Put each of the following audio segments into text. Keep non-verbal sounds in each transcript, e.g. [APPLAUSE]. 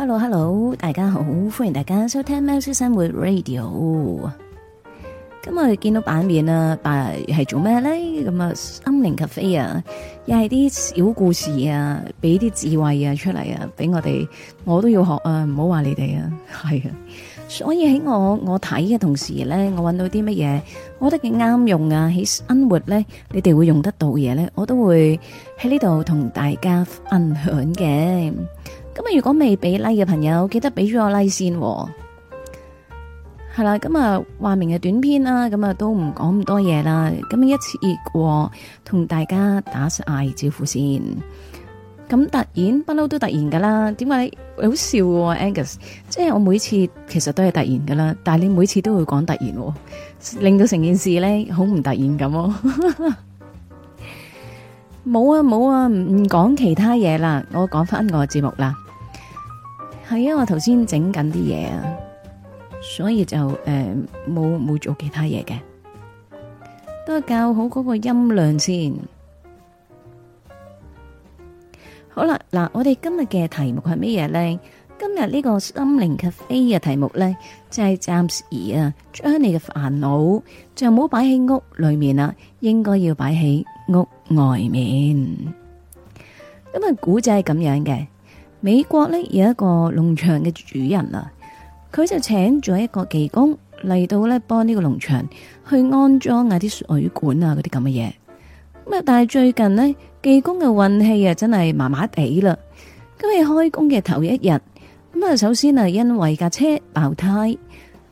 Hello，Hello，hello. 大家好，歡迎大家收聽《喵式生活 Radio。》 [NOISE] 今日見到版面啊，但係做咩咧？咁啊，心靈咖啡啊，又係啲小故事啊，俾啲智慧啊出嚟啊，俾我哋，我都要學啊，唔好話你哋啊，係啊。所以喺我我睇嘅同時咧，我搵到啲乜嘢，我覺得幾啱用啊，喺生活咧，你哋會用得到嘢咧，我都會喺呢度同大家分享嘅。咁啊！如果未俾 like 嘅朋友，記得俾咗我 like 先喎。係啦，咁啊，話明嘅短篇啦，咁啊，都唔講咁多嘢啦。咁一次過同大家打晒嗌招呼先。咁突然不嬲都突然噶啦，點解？你好笑喎，Angus，即係我每次其實都係突然噶啦，但係你每次都會講突然，令到成件事咧好唔突然咁咯喎。冇啊冇啊，唔唔講其他嘢啦，我講翻我節目啦。係啊，我頭先整緊啲嘢啊，所以就誒冇冇做其他嘢嘅，都係教好嗰個音量先。好啦，嗱，我哋今日嘅題目係乜嘢呢？今日呢個心靈咖啡嘅題目呢，就係暫時啊，將你嘅煩惱就唔好擺喺屋裏面啦，應該要擺喺屋外面。咁啊，古仔係咁樣嘅。美國呢有一個農場嘅主人啊，佢就請咗一個技工嚟到呢幫呢個農場去安裝啊啲水管啊嗰啲咁嘅嘢。咁啊，但係最近呢，技工嘅運氣啊真係麻麻地啦。今日開工嘅頭一日，咁啊首先啊因為架車爆胎，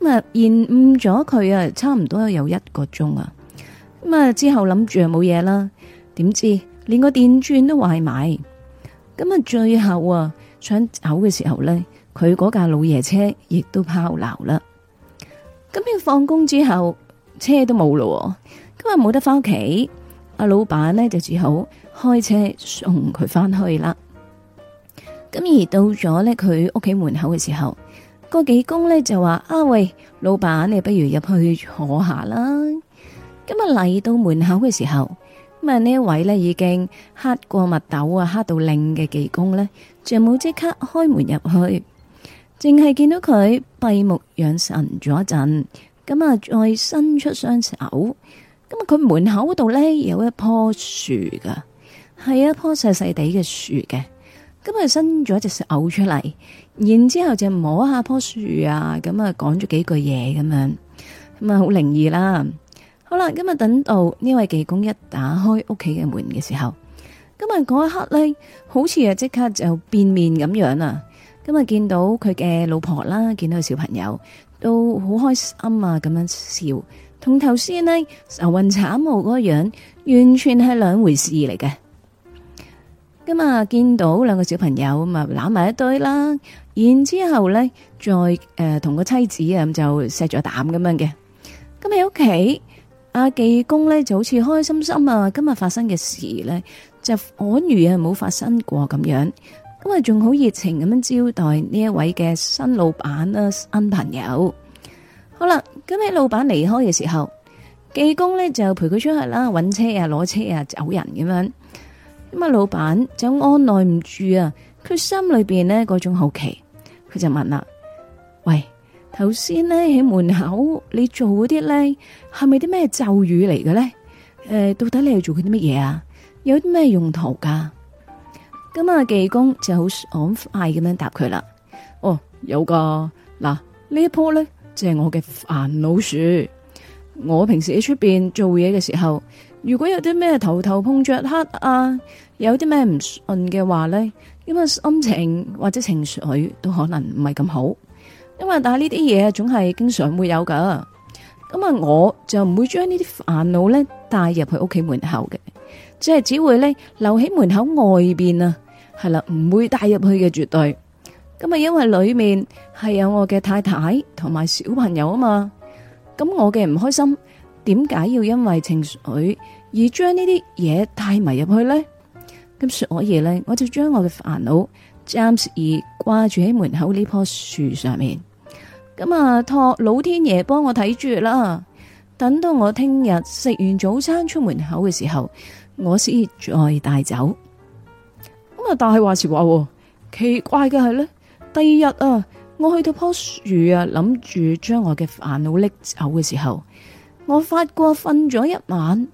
咁啊延誤咗佢啊差唔多有一個鐘啊。咁啊之後諗住啊冇嘢啦，點知連個電鑽都壞埋。咁啊，最後啊，想走嘅時候呢，佢嗰架老爺車亦都拋錨啦。咁要放工之後，車都冇咯，今日冇得翻屋企。阿老闆呢就只好開車送佢翻去啦。咁而到咗呢，佢屋企門口嘅時候，個技工呢就話：啊喂，老闆，你不如入去坐下啦。今日嚟到門口嘅時候。咁啊！呢一位咧已經黑過墨斗啊，黑到令嘅技工呢就冇即刻開門入去，淨係見到佢閉目養神咗一陣，咁啊再伸出雙手，咁啊佢門口嗰度呢有一棵樹噶，係一棵細細地嘅樹嘅，咁啊伸咗隻手出嚟，然之後就摸下棵樹啊，咁啊講咗幾句嘢咁樣，咁啊好靈異啦。好啦，今日等到呢位技工一打開屋企嘅門嘅時候，今日嗰一刻呢，好似啊即刻就變面咁樣啊。今日見到佢嘅老婆啦，見到，小、啊、見到個小朋友都好開心啊，咁樣笑同頭先呢，愁雲慘霧嗰樣，完全係兩回事嚟嘅。今日見到兩個小朋友啊，攬埋一堆啦，然之後呢再誒同、呃、個妻子啊就錫咗膽咁樣嘅。咁喺屋企。阿技工呢就好似開心心啊，今日發生嘅事呢，就宛如啊冇發生過咁樣，咁啊仲好熱情咁樣招待呢一位嘅新老闆啦，啊，新朋友。好啦，咁喺老闆離開嘅時候，技工呢就陪佢出去啦，搵車啊，攞車啊，走人咁樣。咁啊，老闆就按捺唔住啊，佢心裏面呢，嗰種好奇，佢就問啦：喂？頭先咧喺門口，你做嗰啲咧係咪啲咩咒語嚟嘅咧？誒，到底你係做緊啲乜嘢啊？有啲咩用途噶？咁、嗯、啊，技工就好爽快咁樣答佢啦。哦，有噶嗱，呢一棵咧就係、是、我嘅煩惱樹。我平時喺出邊做嘢嘅時候，如果有啲咩頭頭碰着黑啊，有啲咩唔順嘅話咧，咁啊心情或者情緒都可能唔係咁好。因為但係呢啲嘢啊，總係經常會有噶。咁啊，我就唔會將呢啲煩惱咧帶入去屋企門口嘅，即係只會咧留喺門口外邊啊，係啦，唔會帶入去嘅絕對。咁啊，因為裏面係有我嘅太太同埋小朋友啊嘛，咁我嘅唔開心，點解要因為情緒而將呢啲嘢帶埋入去呢？咁所以咧，我就將我嘅煩惱暫時而掛住喺門口呢棵樹上面。咁啊、嗯，託老天爺幫我睇住啦！等到我聽日食完早餐出門口嘅時候，我先再帶走。咁啊，但係話時話，奇怪嘅係呢，第二日啊，我去到棵樹啊，諗住將我嘅煩惱拎走嘅時候，我發覺瞓咗一晚，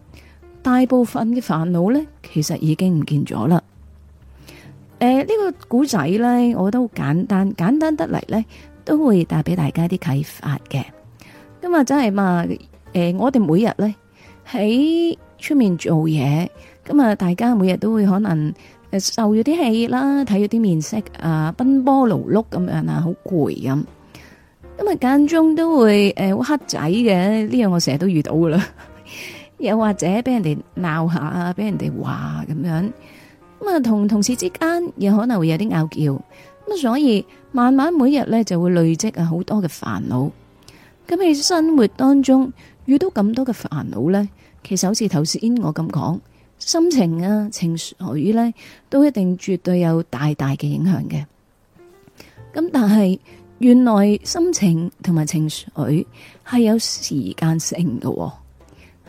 大部分嘅煩惱呢，其實已經唔見咗啦。誒、呃、呢、這個古仔呢，我都簡單，簡單得嚟呢。都會帶俾大家啲啟發嘅。今日真係嘛，誒、呃，我哋每日咧喺出面做嘢，咁、嗯、啊，大家每日都會可能誒、呃、受咗啲氣啦，睇咗啲面色啊，奔波勞碌咁樣啊，好攰咁。咁、嗯、啊，間、嗯、中都會誒，好、呃、黑仔嘅呢樣，這個、我成日都遇到噶啦。 [LAUGHS] 又或者俾人哋鬧下啊，俾人哋話咁樣。咁、嗯、啊、嗯，同同事之間又可能會有啲拗撬。咁所以慢慢每日呢，就會累積啊好多嘅煩惱，咁喺生活當中遇到咁多嘅煩惱呢，其實好似頭先我咁講，心情啊情緒呢，都一定絕對有大大嘅影響嘅。咁但係原來心情同埋情緒係有時間性嘅。哦，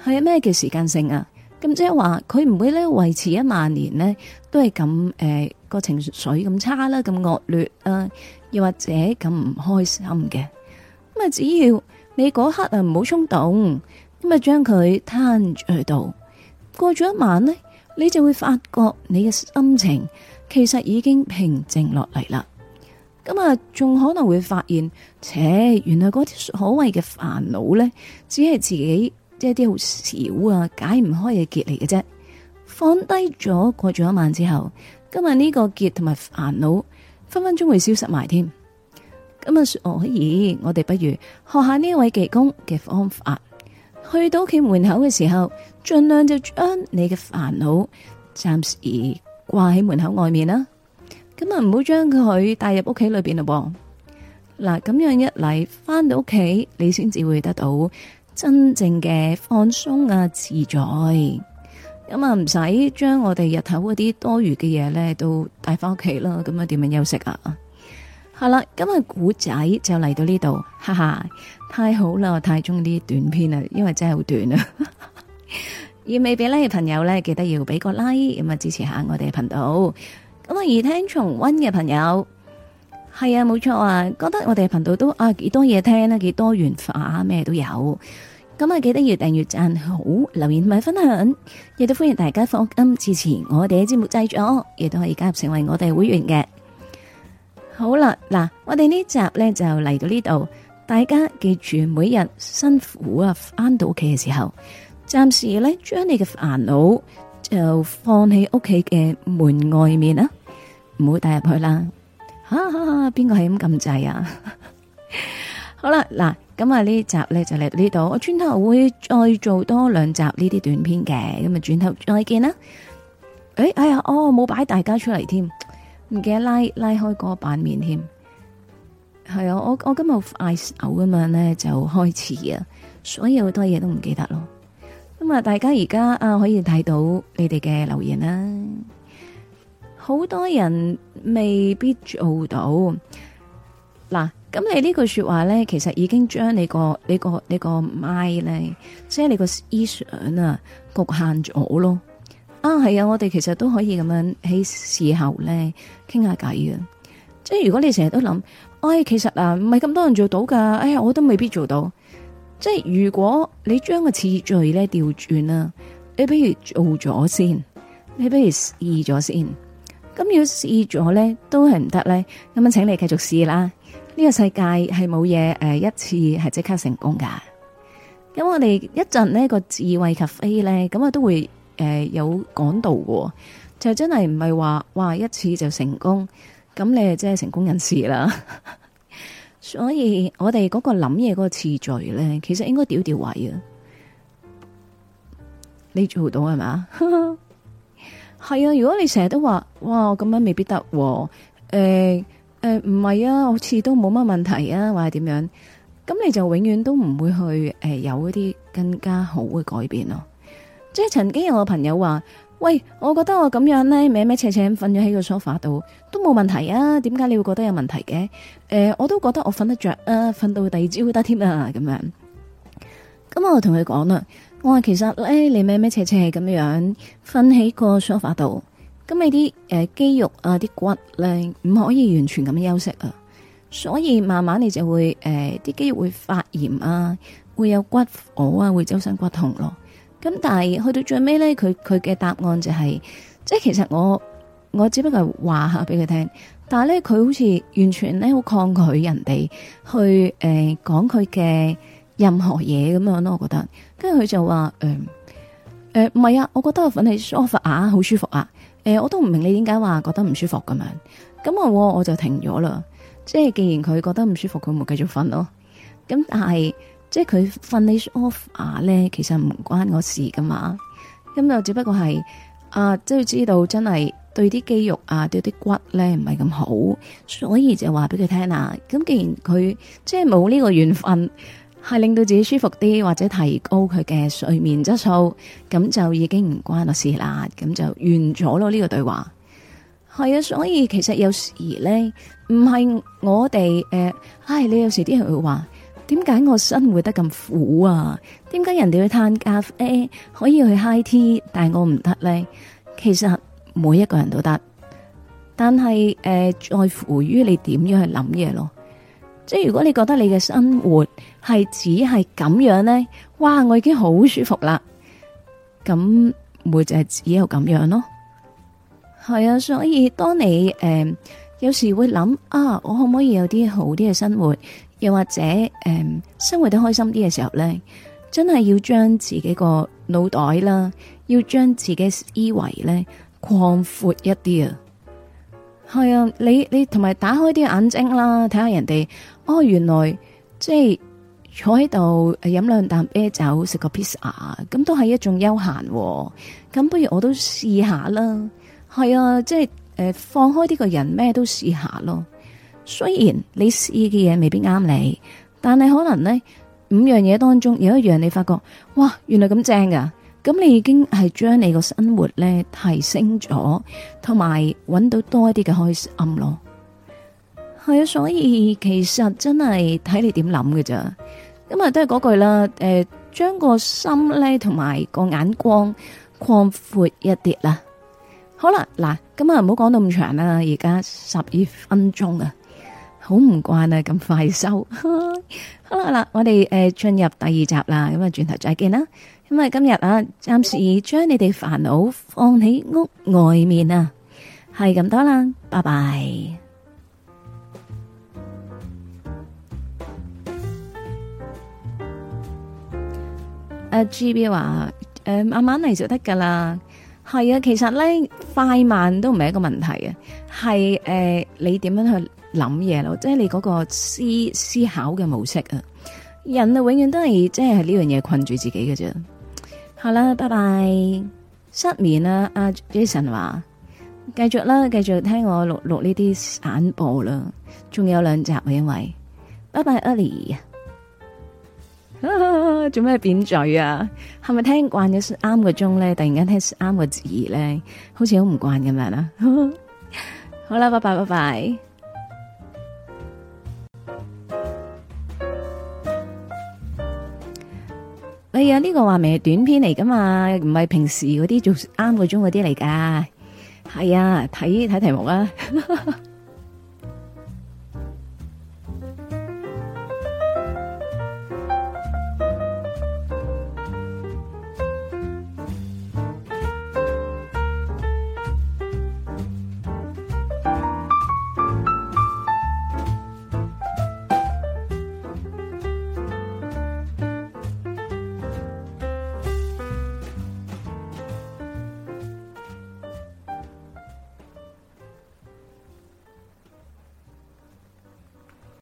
係咩叫時間性啊？咁即係話，佢唔會咧維持一萬年咧，都係咁誒個情緒咁差啦，咁惡劣啊，又、呃、或者咁唔開心嘅。咁啊，只要你嗰刻啊唔好衝動，咁啊將佢攤住喺度，過咗一晚咧，你就會發覺你嘅心情其實已經平靜落嚟啦。咁、嗯、啊，仲可能會發現，且、呃、原來嗰啲所謂嘅煩惱咧，只係自己。即係啲好少啊，解唔開嘅結嚟嘅啫。放低咗過咗一晚之後，今日呢個結同埋煩惱分分鐘會消失埋添。咁啊所以，哦咦，我哋不如學下呢位技工嘅方法。去到屋企門口嘅時候，盡量就將你嘅煩惱暫時掛喺門口外面啦。咁啊，唔好將佢帶入屋企裏邊咯噃。嗱，咁樣一嚟，返到屋企，你先至會得到。真正嘅放鬆啊自在，咁啊唔使將我哋日頭嗰啲多餘嘅嘢咧都帶翻屋企啦，咁啊點樣休息啊？好啦，今日古仔就嚟到呢度，哈哈，太好啦，我太中意啲短片啦，因為真係好短啊！ [LAUGHS] 而未俾呢，嘅朋友咧，記得要俾個 like，咁啊支持下我哋嘅頻道。咁啊，耳聽重温嘅朋友，係啊冇錯啊，覺得我哋頻道都啊幾多嘢聽啦，幾多，多元化，咩都有。咁啊，記得要訂閱、讚好、留言同埋分享，亦都歡迎大家放音支持我哋嘅節目製作，亦都可以加入成為我哋會員嘅。好啦，嗱，我哋呢集咧就嚟到呢度，大家記住每日辛苦啊返到屋企嘅時候，暫時咧將你嘅煩惱就放喺屋企嘅門外面啦，唔好帶入去啦。哈，哈，邊個係咁咁滯啊？ [LAUGHS] 好啦，嗱。咁啊，呢集咧就嚟到呢度，我轉頭會再做多兩集呢啲短片嘅，咁啊，轉頭再見啦。誒，哎呀、哎，哦，冇擺大家出嚟添，唔記得拉拉開嗰個版面添。係啊，我我今日快手咁樣咧就開始啊，所以好多嘢都唔記得咯。咁啊，大家而家啊可以睇到你哋嘅留言啦，好多人未必做到。嗱，咁你呢句說話咧，其實已經將你個你個你個 mind 咧，即係你個思想啊局限咗咯。啊，係啊，我哋其實都可以咁樣喺事後咧傾下偈嘅。即係如果你成日都諗，哎，其實啊唔係咁多人做到㗎，哎呀，我都未必做到。即係如果你將個次序咧調轉啦，你不如做咗先，你不如試咗先，咁要試咗咧都係唔得咧，咁樣請你繼續試啦。呢個世界係冇嘢，誒一次係即刻成功噶，咁我哋一陣呢、呢個智慧咖啡咧，咁啊都會誒、呃、有講到嘅，就真係唔係話哇一次就成功，咁你啊真係成功人士啦。 [LAUGHS] 所以我哋嗰個諗嘢嗰個次序咧，其實應該調調位啊，你做到係嘛？係 [LAUGHS] 啊，如果你成日都話哇咁樣未必得、哦，誒、呃。誒，唔係、呃、啊，好似都冇乜問題啊，或係點樣？咁你就永遠都唔會去誒、呃，有一啲更加好嘅改變咯。即係曾經有個朋友話，喂，我覺得我咁樣咧，歪歪斜斜咁瞓咗喺個梳化度，都冇問題啊。點解你會覺得有問題嘅？誒、呃，我都覺得我瞓得着啊，瞓到第二朝都得添啊，咁樣。咁我同佢講啦，我話其實咧，你歪歪斜斜咁樣瞓喺個梳化度，咁你啲誒、呃、肌肉啊，啲骨咧唔可以完全咁休息啊，所以慢慢你就會，誒、呃、啲肌肉會發炎啊，會有骨火啊，會周身骨痛咯、啊。咁但係去到最尾咧，佢佢嘅答案就係、是，即係其實我我只不過話下俾佢聽，但係咧佢好似完全咧好抗拒人哋去誒講佢嘅任何嘢咁樣咯。我覺得，跟住佢就話誒誒唔係啊，我覺得我瞓喺 sofa 好舒服啊。誒、呃，我都唔明你點解話覺得唔舒服咁樣，咁啊我，我就停咗啦。即係既然佢覺得唔舒服，佢咪繼續瞓咯。咁但係即係佢瞓 finish off 咧、啊，其實唔關我事噶嘛。咁就只不過係啊，即係知道真係對啲肌肉啊，對啲骨咧唔係咁好，所以就話俾佢聽啊。咁既然佢即係冇呢個緣分。係令到自己舒服啲，或者提高佢嘅睡眠質素，咁就已經唔關我事啦。咁就完咗咯呢個對話。係啊，所以其實有時咧，唔係我哋誒、呃，唉，你有時啲人會話，點解我生活得咁苦啊？點解人哋去嘆咖啡，可以去 high tea，但係我唔得咧？其實每一個人都得，但係誒、呃，在乎於你點樣去諗嘢咯。即係如果你覺得你嘅生活係只係咁樣咧，哇！我已經好舒服啦，咁會就係只有咁樣咯。係啊，所以當你誒、呃、有時會諗啊，我可唔可以有啲好啲嘅生活，又或者誒、呃、生活得開心啲嘅時候咧，真係要將自己個腦袋啦，要將自己思維咧擴闊一啲啊。係啊，你你同埋打開啲眼睛啦，睇下人哋，哦，原來即係坐喺度飲兩啖啤酒，食個 pizza，咁都係一種休閒，哦。咁不如我都試下啦。係啊，即係誒、呃，放開啲個人咩都試下咯。雖然你試嘅嘢，未必啱你，但係可能呢五樣嘢當中有一樣你發覺，哇，原來咁正噶。咁你已經係將你個生活咧提升咗，同埋揾到多一啲嘅開心咯。係啊， [NOISE] 所以其實真係睇你點諗嘅咋。咁、嗯、啊，都係嗰句啦。誒、呃，將個心咧同埋個眼光擴闊一啲啦,啦,、嗯嗯啊、啦。好啦，嗱，咁啊，唔好講到咁長啦。而家十二分鐘啊，好唔慣啊，咁快收。好啦，嗱，我哋誒進入第二集啦。咁、嗯、啊，轉頭再見啦。咁啊！今日啊，暫時將你哋煩惱放喺屋外面啊，係咁多啦，拜拜。阿 G B 話，誒，慢慢嚟就得噶啦。係啊，其實咧快慢都唔係一個問題啊，係誒你點樣去諗嘢咯，即係你嗰個思思考嘅模式啊。人啊，永遠都係即係呢樣嘢困住自己嘅啫。好啦，拜拜！失眠啦，阿 Jason 話，繼續啦，繼續聽我錄錄呢啲散播啦，仲有兩集啊，因為拜拜，Ali， [LAUGHS] 做咩扁嘴啊？係咪聽慣咗啱個鐘咧？突然間聽啱個字咧，好似 [LAUGHS] 好唔慣咁樣啊？好啦，拜拜，拜拜。係啊，呢、哎，這個話明係短篇嚟噶嘛，唔係平時嗰啲做啱個鐘嗰啲嚟噶。係啊，睇睇題目啊。 [LAUGHS]